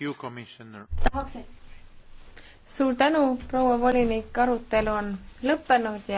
You, tahaksin. suur tänu, proua volinik, arutelu on lõppenud ja